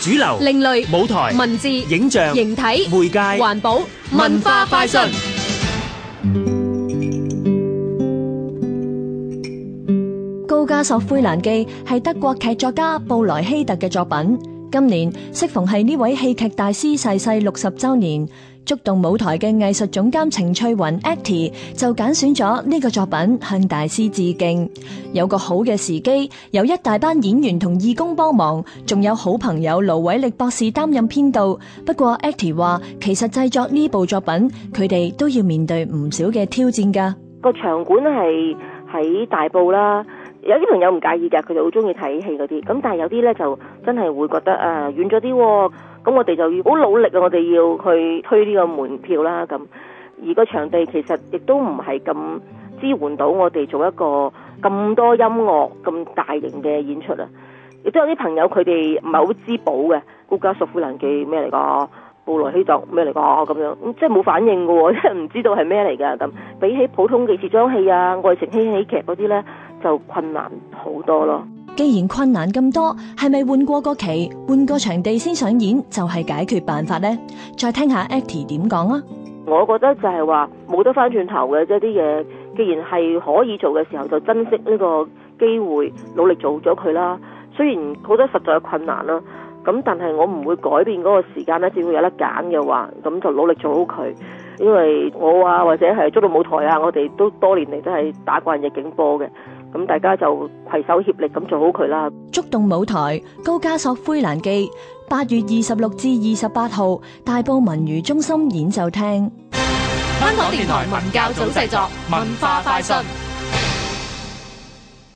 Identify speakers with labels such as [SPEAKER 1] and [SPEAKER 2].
[SPEAKER 1] 主流、另類舞台、文字、影像、形體、媒介、環保、文
[SPEAKER 2] 化快訊。
[SPEAKER 1] 《高加索灰闌記》係德國劇作家布萊希特嘅作品，今年適逢係呢位戲劇大師逝世六十週年。觸動舞台嘅藝術總監程翠雲 Acty 就揀選咗呢個作品向大師致敬。有個好嘅時機，有一大班演員同義工幫忙，仲有好朋友盧偉力博士擔任編導。不過 Acty 話，其實製作呢部作品，佢哋都要面對唔少嘅挑戰㗎。
[SPEAKER 2] 個場館係喺大埔啦。有啲朋友唔介意㗎，佢哋好中意睇戲嗰啲。咁但係有啲呢，就真係會覺得啊遠咗啲喎。咁、呃哦、我哋就要好努力啊！我哋要去推呢個門票啦。咁而個場地其實亦都唔係咁支援到我哋做一個咁多音樂咁大型嘅演出啊。亦都有啲朋友佢哋唔係好知保嘅，高加索灰闌記咩嚟㗎？布萊希特咩嚟㗎？咁樣即係冇反應㗎喎、哦，即係唔知道係咩嚟㗎咁。比起普通嘅時裝戲啊、愛情喜喜劇嗰啲呢，就困難好多咯。
[SPEAKER 1] 既然困難咁多，係咪換過個期、換個場地先上演就係、是、解決辦法呢？再聽下 Acty 點講啊？
[SPEAKER 2] 我覺得就係話冇得翻轉頭嘅，即係啲嘢。既然係可以做嘅時候，就珍惜呢個機會，努力做咗佢啦。雖然好多實在嘅困難啦，咁但係我唔會改變嗰個時間呢，只會有得揀嘅話，咁就努力做好佢。因為我啊，或者係捉到舞台啊，我哋都多年嚟都係打慣逆境波嘅。咁大家就攜手協力咁做好佢啦！
[SPEAKER 1] 觸動舞台《高加索灰蘭記》，八月二十六至二十八號，大埔文娛中心演奏廳。
[SPEAKER 2] 香港電台文教組製作，文化快訊。